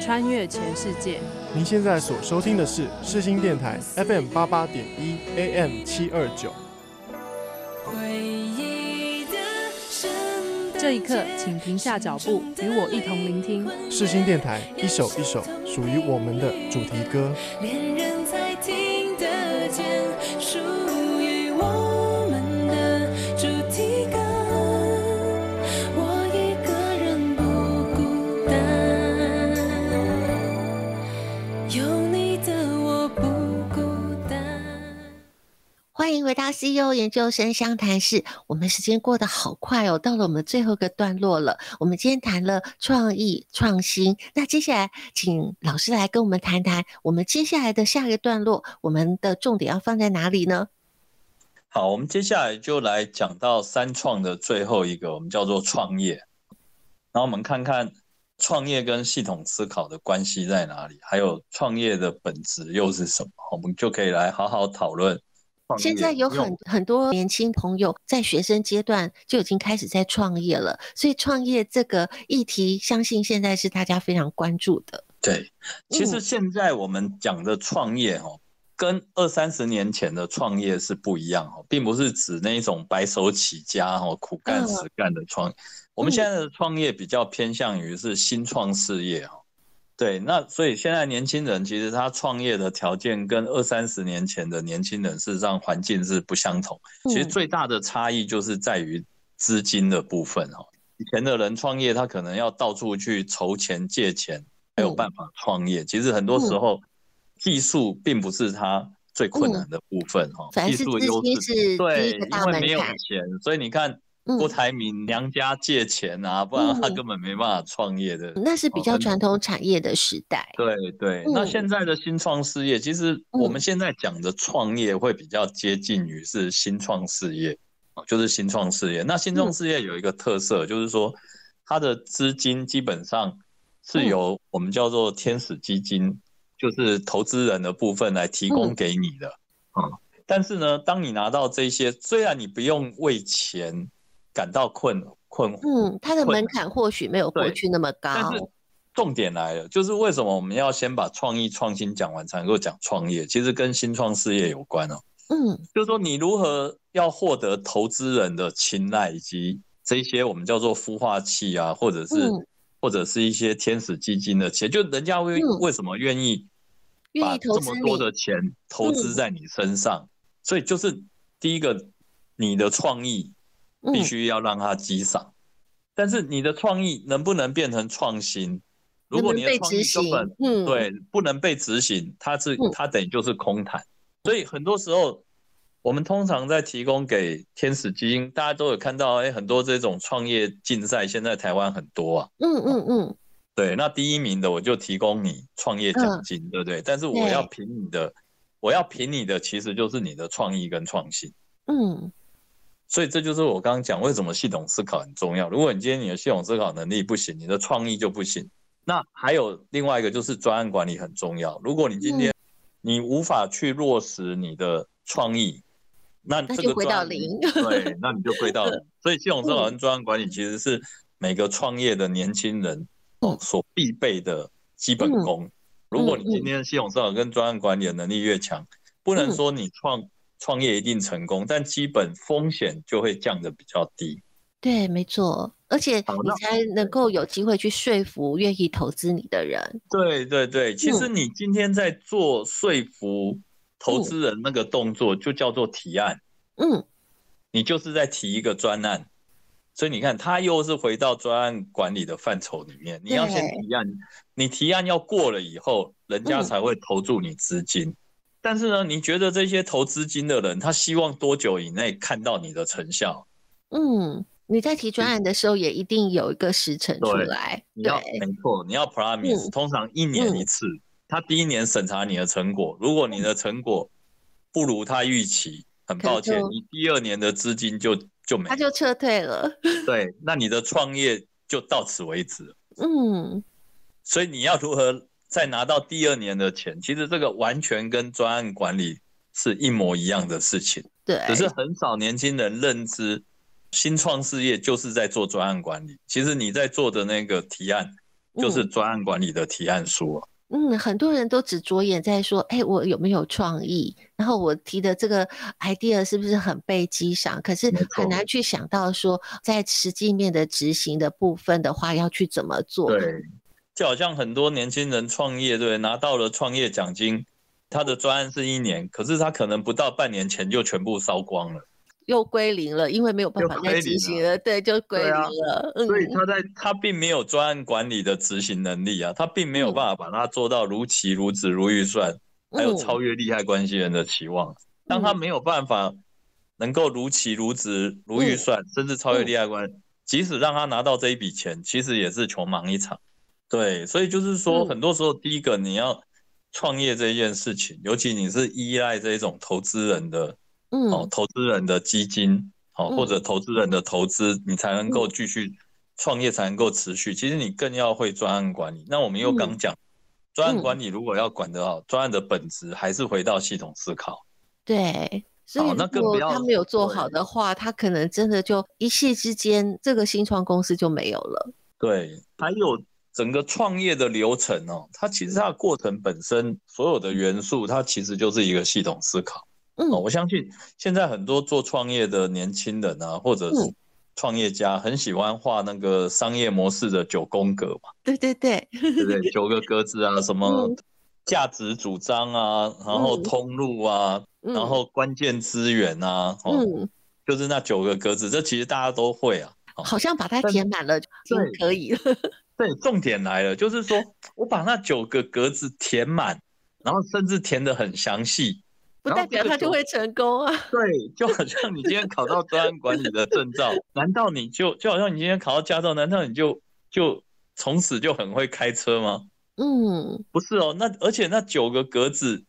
穿越全世
界。
您現在所收聽的是世新電台 FM 八八點一 AM 七二九。回憶的聲音。這一刻，請停下腳步，與我一同聆聽世新電台一首一首屬於我們的主題歌。
偉大 CEO 研究生相談室，我們時間過得好快哦，到了我們最後一個段落了。我們今天談了創意、創新，那接下來請老師來跟我們談談，我們接下來的下一個段落，我們的重點要放在哪裡呢？
好，我們接下來就來講到三創的最後一個，我們叫做創業。然後我們看看創業跟系統思考的關係在哪裡，還有創業的本質又是什麼，我們就可以來好好討論。現在有很
用很多年輕朋友在學生階段就已經開始在創業了，所以創業這個議題，相信現在是大家非常關注的。
對，其實現在我們講的創業哦，跟二三十年前的創業是不一樣哦，並不是指那種白手起家哦、苦幹實幹的創。嗯、我們現在的創業比較偏向於是新創事業哦。對，那所以現在年輕人其實他創業的條件，跟二三十年前的年輕人事實上環境是不相同。其實最大的差異就是在於資金的部分哈。以前的人創業，他可能要到處去籌錢、借錢，才有辦法創業。其實很多時候，技術並不是他最困難的部分哈。技術優勢對，因為沒有錢，所以你看。郭台銘娘家借錢啊，嗯、不然他根本沒辦法創業的、嗯。那是比較傳
統產業的時代。
對，對對，嗯、那現在的新創事業，嗯、其實我們現在講的創業會比較接近於是新創事業、嗯、就是新創事業。那新創事業有一個特色，嗯、就是說它的資金基本上是由我們叫做天使基金，嗯、就是投資人的部分來提供給你的、嗯嗯、但是呢，當你拿到這些，雖然你不用為錢。感到困困惑，
嗯，
它的門檻或許沒有過去那麼高。但是，
重點來了，就是為什麼我們要先把創意創新講完，才能夠講創業？其實跟新創事業有關哦、啊。嗯，就是說你如何要獲得投資人的青睞，以及這些我們叫做孵化器啊，或者是、嗯、或者是一些天使基金的錢，就人家為、嗯、為什麼願意
把這麼多的
錢投資在你身上？嗯、所以，就是第一個，你的創意。嗯、必須要讓它擊上，但是你的創意能不能變成創新？能能如果你的創意根本對不能被執行，它是它等於就是空談。嗯、所以很多時候，我們通常在提供給天使基金，大家都有看到，哎、欸，很多這種創業競賽現在台灣很多啊。嗯嗯嗯，嗯嗯對，那第一名的我就提供你創業獎金，嗯、對不對？嗯、但是我要評你的，嗯、我要評你的其實就是你的創意跟創新。嗯。所以這就是我剛剛講為什麼系統思考很重要。如果你今天你的系統思考能力不行，你的創意就不行。那還有另外一個就是專案管理很重要。如果你今天你無法去落實你的創意，那這個就回到
零。對，
那你就回到零。所以系統思考跟專案管理其實是每個創業的年輕人所必備的基本功。如果你今天系統思考跟專案管理的能力越強，不能說你創。創業一定成功，但基本風險就會降得比較低。
對，沒錯，而且你才能夠有機會去說服願意投資你的人。
對對對，其實你今天在做說服投資人那個動作，就叫做提案。嗯，嗯你就是在提一個專案，所以你看，他又是回到專案管理的範疇裡
面。對你要先提
案，你提案要過了以後，人家才會投注你資金。嗯嗯但是呢，你覺得這些投資金的人，他希望多久以內看到你的成效？嗯，
你在提專案的時候，也一定有一個時程出來。對，對，你要，沒
錯，你要 promise，嗯，通常一年一次。嗯，他第一年審查你的成果，如果你的成果不如他預期，嗯，很抱歉，頭你第二年的資金就就沒，
他就撤退了。
對，那你的創業就到此為止。嗯，所以你要如何？在拿到第二年的錢，其實這個完全跟專案管理是一模一樣的事情。對，可是很少年輕人認知，新創事業就是在做專案管理。其實你在做的那個提案，就是專案管理的提案書，啊。
嗯，很多人都只着眼在說，哎、欸，我有沒有創意？然後我提的這個 idea 是不是很被激賞？可是很難去想到說，在實際面的執行的部分的話，要去怎麼做？對。
就好像很多年輕人創業，對，拿到了創業獎金，他的專案是一年，可是他可能不到半年，錢就全部燒光了，
又歸零了，因為沒有辦法再執行了，又歸零了對，就歸零了。
對啊，嗯、所以他在他並沒有專案管理的執行能力啊，他並沒有辦法把它做到如期如質如預算，嗯、還有超越利害關係人的期望。當、嗯嗯、他沒有辦法能夠如期如質如預算，嗯、甚至超越利害關係，嗯嗯、即使讓他拿到這一筆錢，其實也是窮忙一場。對，所以就是說，很多時候，第一個你要創業這一件事情，嗯、尤其你是依賴這一種投資人的，嗯，哦、投資人的基金，好、嗯、或者投資人的投資，你才能夠繼續創業，才能夠持續。嗯、其實你更要會專案管理。嗯、那我們又剛講，專、嗯、案管理如果要管得好，專、嗯、案的本質還是回到系統思考。
對，所以如果他沒有做好的話，對他可能真的就一夕之間，這個新創公司就沒有了。
對，還有。整個創業的流程哦，它其實它的過程本身所有的元素，它其實就是一個系統思考。嗯、哦，我相信現在很多做創業的年輕人啊，或者是創業家，很喜歡畫那個商業模式的九宮格嘛。
對對對，對，對，九
個格子啊， 什麼價值主張啊，嗯、然後通路啊，嗯、然後關鍵資源啊，嗯、哦，就是那九個格子，這其實大家都會啊，
哦、好像把它填滿
了但就可以了對 重點來了，就是說我把那九個格子填滿，然後甚至填得很詳細，不代表他就會
成功啊。對，
就好像你今天考到專案管理的證照， 難道你就就好像你今天考到駕照，難道你就就從此就很會開車嗎？嗯，不是哦。那而且那九個格子，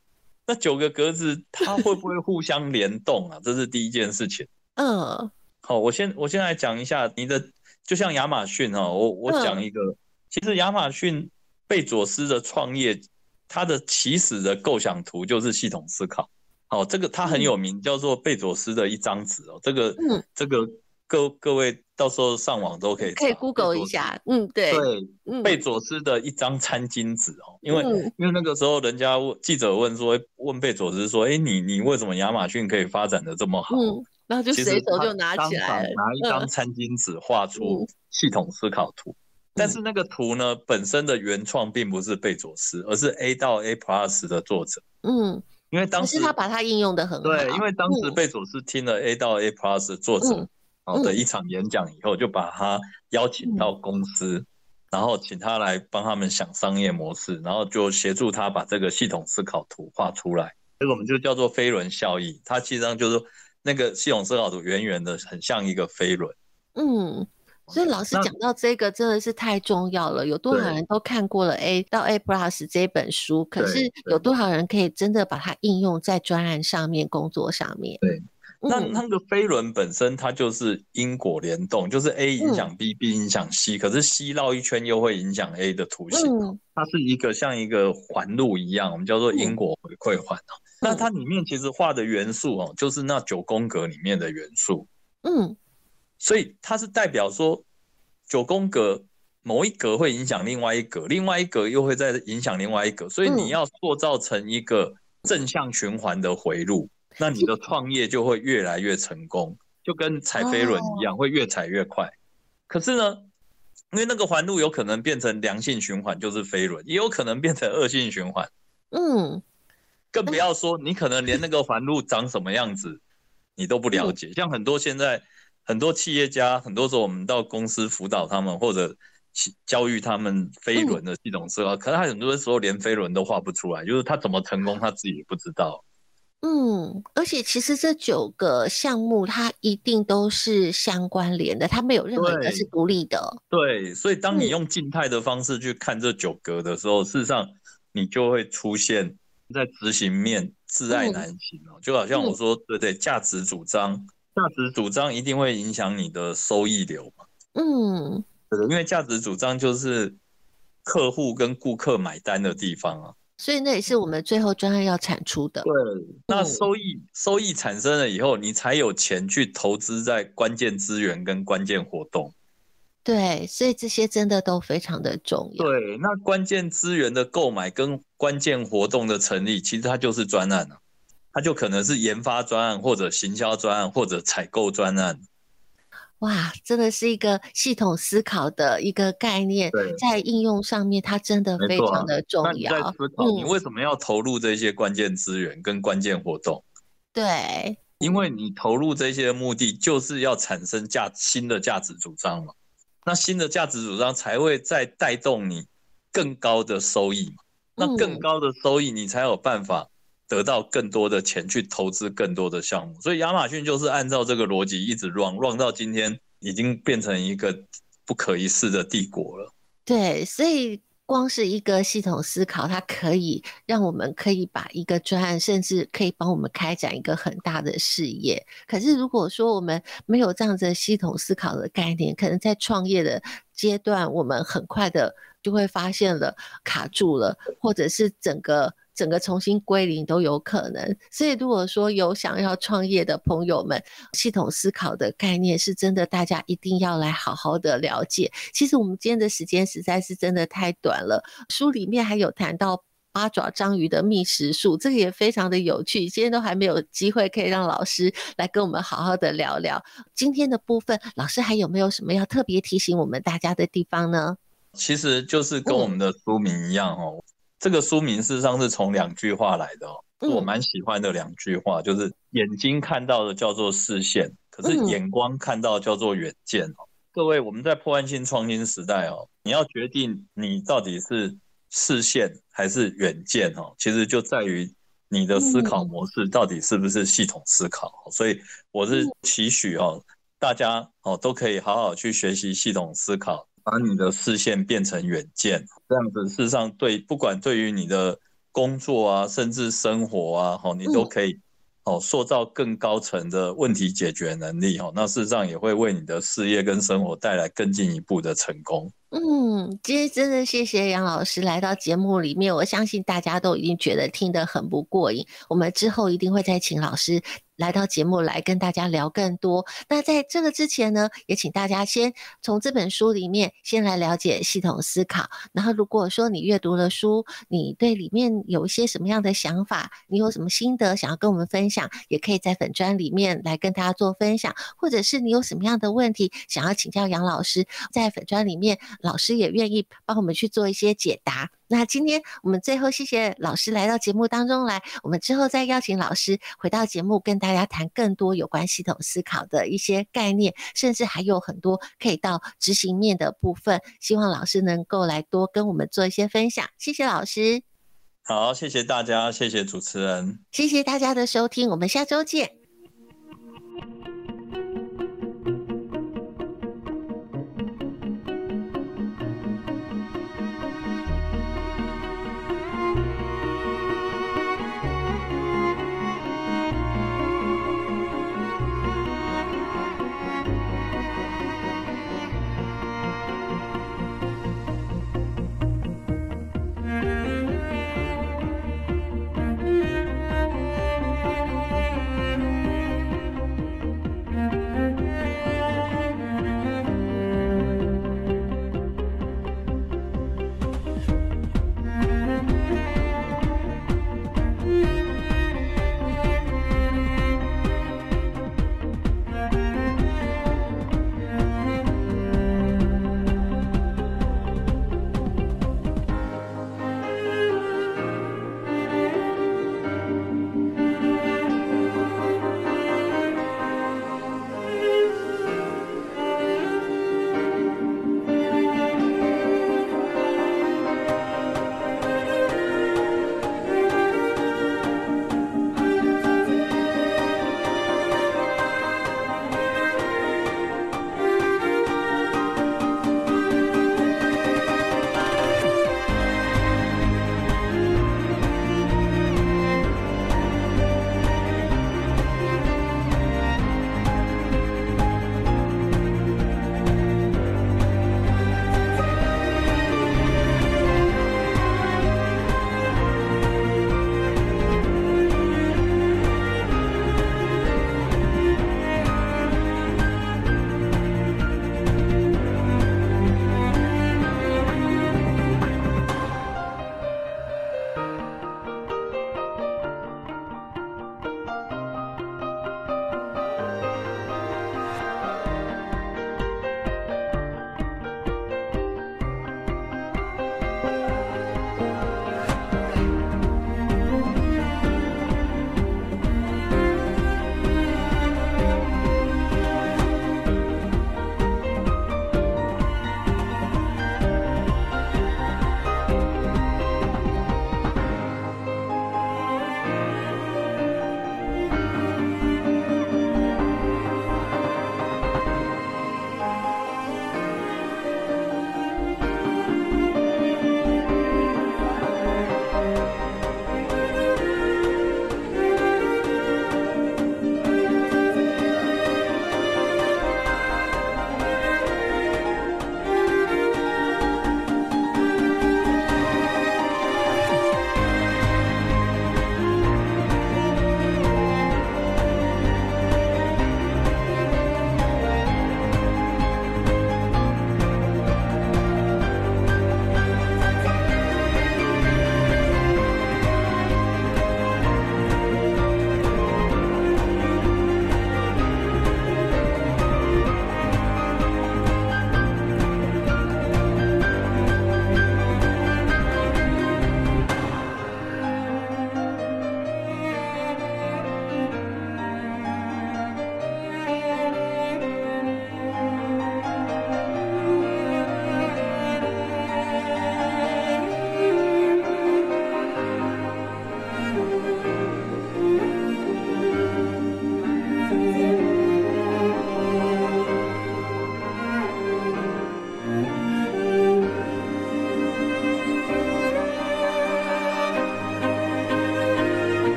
那九個格子，它會不會互相聯動啊？ 這是第一件事情。嗯，好，我先我先來講一下你的，就像亞馬遜哈、哦，我我講一個。嗯其實亞馬遜貝佐斯的創業，他的起始的構想圖就是系統思考。好，這個他很有名，叫做貝佐斯的一張紙哦。這個，這個各各位到時候上網都可以可
以
Google 一下。嗯，對，對，
貝佐斯的一張餐巾紙哦。因為因為那個時候人家記者問說，問貝佐斯說，哎，你你為什麼亞馬遜可以發展得這麼好？然
後就隨手就拿起來拿一張
餐巾紙畫出系統思考圖。但是那個圖呢，嗯、本身的原創並不是貝佐斯，而是 A 到 A Plus 的作者。嗯，因為當時他
把它應用的很好。對，嗯、因
為當時貝佐斯聽了 A 到 A Plus 的作者然後的一場演講以後，嗯嗯、就把他邀請到公司，嗯、然後請他來幫他們想商業模式，嗯、然後就協助他把這個系統思考圖畫出來。這個我們就叫做飛輪效應。它其實上就是那個系統思考圖圓圓的，很像一個飛輪。嗯。
所以老師講到這個真的是太重要了，有多少人都看過了 A 到 A Plus 這本書，可是有多少人可以真的把它應用在專案上面，工作上面？
對，那那個飛輪本身它就是因果聯動，就是 A 影響 B，B 影響 C，可是 C 繞一圈又會影響 A 的圖形哦，它是一個像一個環路一樣，我們叫做因果回饋環哦。那它裡面其實畫的元素哦，就是那九宮格裡面的元素。嗯。所以它是代表說，九宮格某一格會影響另外一格，另外一格又會再影響另外一格，所以你要塑造成一個正向循環的迴路，那你的創業就會越來越成功，就跟踩飛輪一樣，會越踩越快。可是呢，因為那個環路有可能變成良性循環，就是飛輪，也有可能變成惡性循環。嗯，更不要說你可能連那個環路長什麼樣子，你都不了解。像很多現在。很多企業家，很多時候我們到公司輔導他們或者教育他們飛輪的系統思考，嗯、可是他很多時候連飛輪都畫不出來，就是他怎麼成功他自己也不知道。
嗯，而且其實這九個項目它一定都是相關聯的，它沒有任何一個是獨立的對。
對，所以當你用靜態的方式去看這九格的時候，嗯、事實上你就會出現在執行面窒礙難行哦，嗯、就好像我說，嗯、對，對對，價值主張。價值主張一定會影響你的收益流嘛，
嗯，
對，因為價值主張就是客戶跟顧客買單的地方啊。
所以那也是我們最後專案要產出的。對，
那收益，嗯，收益產生了以後，你才有錢去投資在關鍵資源跟關鍵活動。
對，所以這些真的都非常的重
要。對，那關鍵資源的購買跟關鍵活動的成立，其實它就是專案啊。它就可能是研發專案，或者行銷專案，或者採購專案。
哇，真的是一個系統思考的一個概念，對在應用上面，它真的非常的重要。啊、那你在思考、嗯、你
為什麼要投入這些關鍵資源跟關鍵活動？對，因為你投入這些目的就是要產生價新的價值主張嘛。那新的價值主張才會再帶動你更高的收益嘛。那更高的收益，你才有辦法。得到更多的錢去投資更多的項目，所以亞馬遜就是按照這個邏輯一直 run run 到今天，已經變成一個不可一世的帝國了。
對，所以光是一個系統思考，它可以讓我們可以把一個專案，甚至可以幫我們開展一個很大的事業。可是如果說我們沒有這樣子系統思考的概念，可能在創業的階段，我們很快的就會發現了卡住了，或者是整個，整個重新歸零都有可能，所以如果說有想要創業的朋友們，系統思考的概念是真的，大家一定要來好好的了解。其實我們今天的時間實在是真的太短了，書裡面還有談到八爪章魚的覓食術，這個也非常的有趣。今天都還沒有機會可以讓老師來跟我們好好的聊聊。今天的部分，老師還有沒有什麼要特別提醒我們大家的地方呢？
其實就是跟我們的書名一樣哦。嗯這個書名事實上是從兩句話來的哦，我蠻喜歡的兩句話，就是眼睛看到的叫做視線，可是眼光看到叫做遠見哦。嗯、各位，我們在破壞性創新時代哦，你要決定你到底是視線還是遠見哦，其實就在於你的思考模式到底是不是系統思考。嗯、所以我是期許哦，大家哦都可以好好去學習系統思考。把你的視線變成遠見，這樣子事實上對，不管對於你的工作啊，甚至生活啊，好，你都可以，好塑造更高層的問題解決能力，好，那事實上也會為你的事業跟生活帶來更進一步的成功。
嗯，今天真的謝謝楊老師來到節目裡面。我相信大家都已經覺得聽得很不過癮。我們之後一定會再請老師來到節目來跟大家聊更多。那在這個之前呢，也請大家先從這本書裡面先來了解系統思考。然後，如果說你閱讀了書，你對裡面有一些什麼樣的想法，你有什麼心得想要跟我們分享，也可以在粉專裡面來跟大家做分享。或者是你有什麼樣的問題想要請教楊老師，在粉專裡面。老師也願意幫我們去做一些解答。那今天我們最後謝謝老師來到節目當中來，我們之後再邀請老師回到節目跟大家談更多有關系統思考的一些概念，甚至還有很多可以到執行面的部分。希望老師能夠來多跟我們做一些分享。謝謝老師。
好，謝謝大家，謝謝主持人。
謝謝大家的收聽，我們下周見。